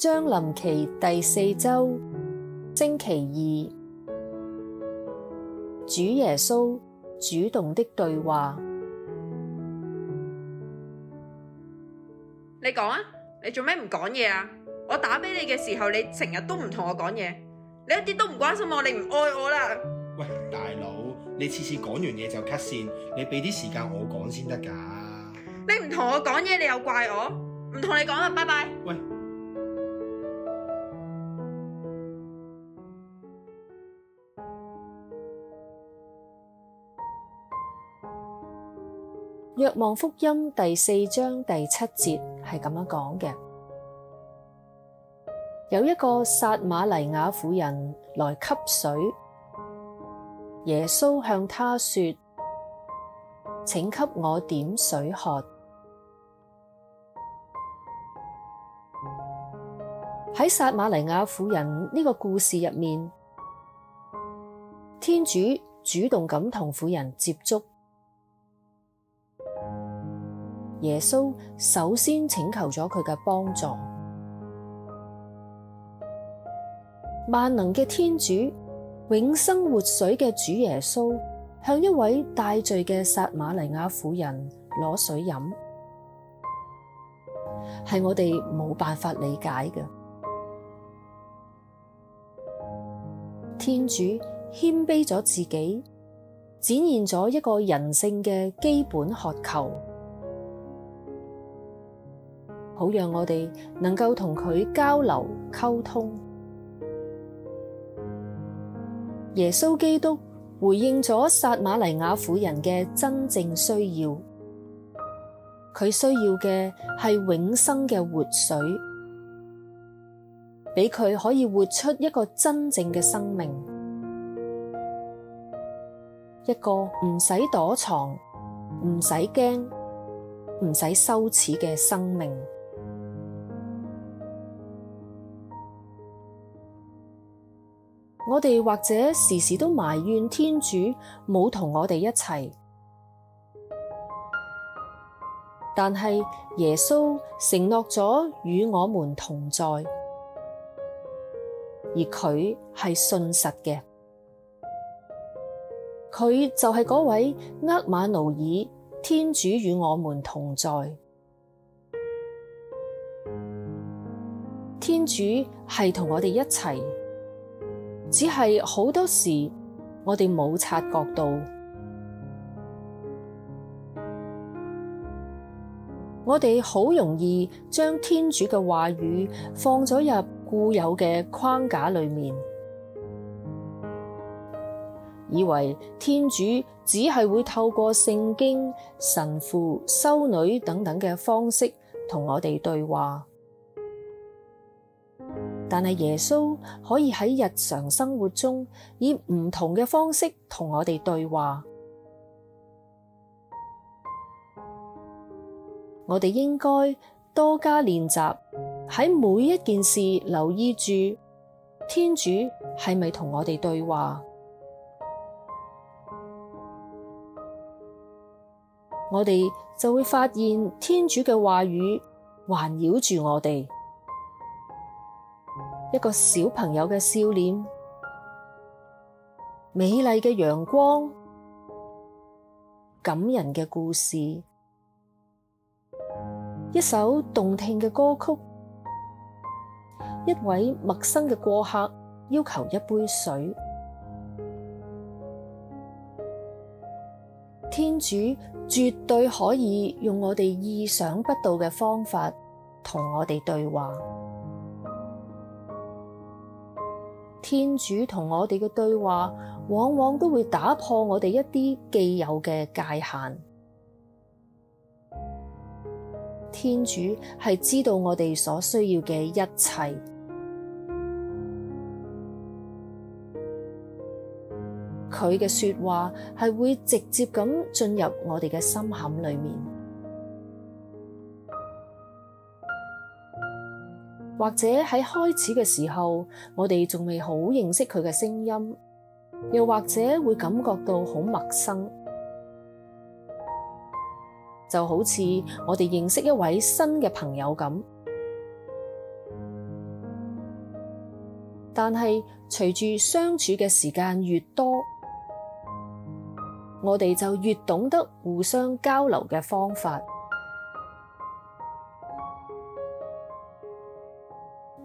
將臨期第四周星期二，主耶穌主動的對話。你講啊！你做咩唔講嘢啊？我打俾你嘅時候，你成日都唔同我講嘢，你一啲都唔關心我，你唔愛我啦！喂，大佬，你次次講完嘢就 cut 線，你俾啲時間我講先得噶。你唔同我講嘢，你又怪我？唔同你講啦，拜拜。喂。《若望福音》第四章第七節係咁樣講嘅：有一個撒瑪黎雅婦人來汲水，耶穌向他說：請給我點水喝。喺撒瑪黎雅婦人呢個故事入面，天主主動咁同婦人接觸。耶穌首先請求咗佢嘅幫助，萬能嘅天主永生活水嘅主耶穌向一位帶罪嘅撒瑪黎雅婦人攞水飲，係我哋冇辦法理解嘅。天主謙卑咗自己，展現咗一個人性嘅基本渴求。好讓我哋能夠同佢交流溝通。耶穌基督回應咗撒瑪黎雅婦人嘅真正需要，佢需要嘅係永生嘅活水，俾佢可以活出一個真正嘅生命，一個唔使躲藏、唔使驚、唔使羞恥嘅生命。我哋或者時時都埋怨天主冇同我哋一齊，但係耶穌承諾咗與我們同在，而佢係信實嘅，佢就係嗰位厄馬努耳，天主與我們同在，天主係同我哋一齊。只係好多時，我哋冇察覺到，我哋好容易將天主嘅話語放咗入固有嘅框架裏面，以為天主只係會透過聖經、神父、修女等等嘅方式同我哋對話。但係耶穌可以喺日常生活中以唔同嘅方式同我哋對話，我哋應該多加練習，喺每一件事留意住天主係咪同我哋對話，我哋就會發現天主嘅話語環繞住我哋。一個小朋友嘅笑臉，美麗嘅陽光，感人嘅故事，一首動聽嘅歌曲，一位陌生嘅過客要求一杯水。天主絕對可以用我哋意想不到嘅方法同我哋對話。天主同我哋嘅對話，往往都會打破我哋一啲既有嘅界限。天主係知道我哋所需要嘅一切，佢嘅說話係會直接咁進入我哋嘅心坎裏面。或者喺開始嘅時候，我哋仲未好認識佢嘅聲音，又或者會感覺到好陌生，就好似我哋認識一位新嘅朋友咁。但係隨住相處嘅時間越多，我哋就越懂得互相交流嘅方法。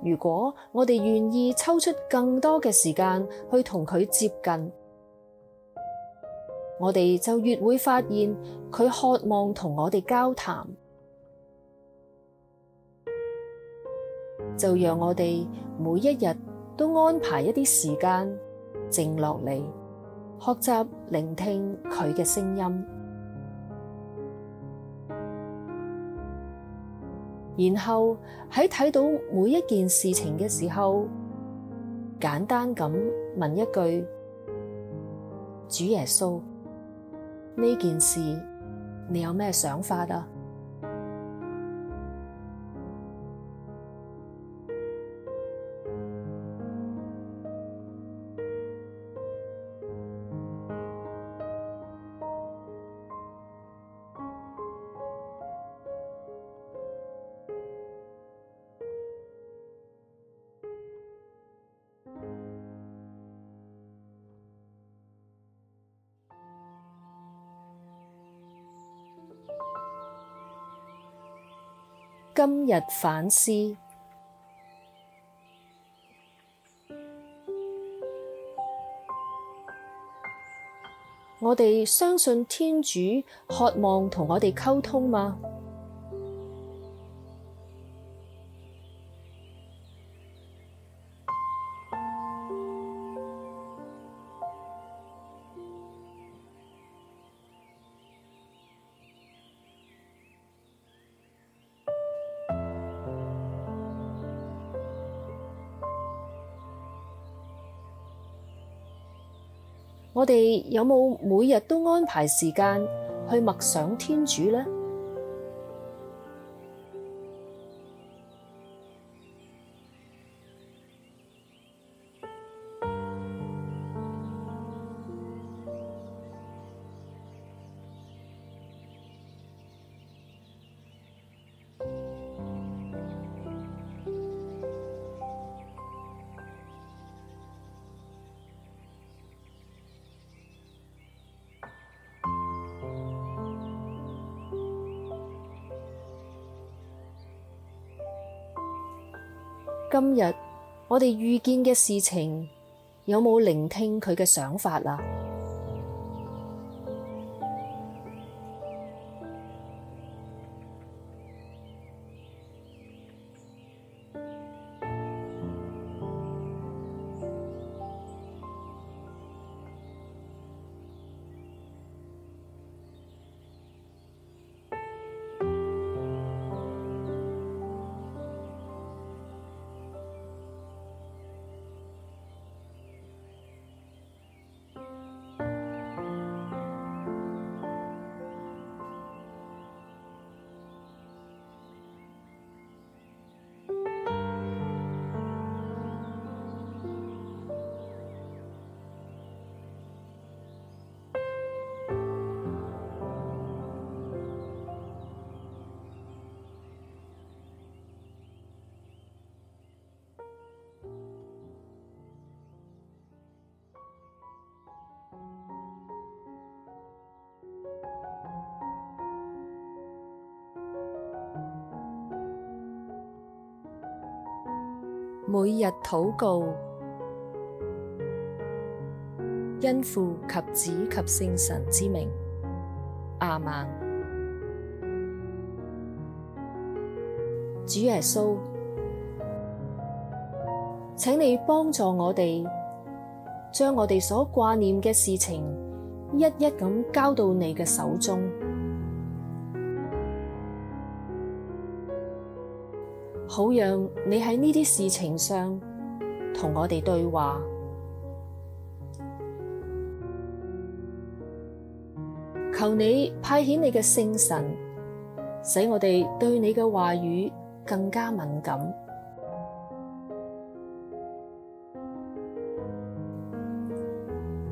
如果我哋願意抽出更多嘅時間去同佢接近，我哋就越會發現佢渴望同我哋交談。就讓我哋每一日都安排一啲時間靜落嚟，學習聆聽佢嘅聲音。然後喺睇到每一件事情嘅時候，簡單咁問一句，主耶穌，呢件事你有咩想法呀？今日反思，我哋相信天主渴望同我哋溝通嗎？我哋有冇每日都安排時間去默想天主咧？今日我哋遇見嘅事情，有冇聆聽佢嘅想法啊？每日禱告，因父及子及聖神之名，阿們。主耶穌，請你幫助我哋，將我哋所掛念嘅事情一一咁交到你嘅手中。好讓你喺呢啲事情上同我哋對話，求你派遣你嘅聖神，使我哋對你嘅話語更加敏感，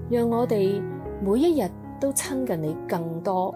讓我哋每一日都親近你更多。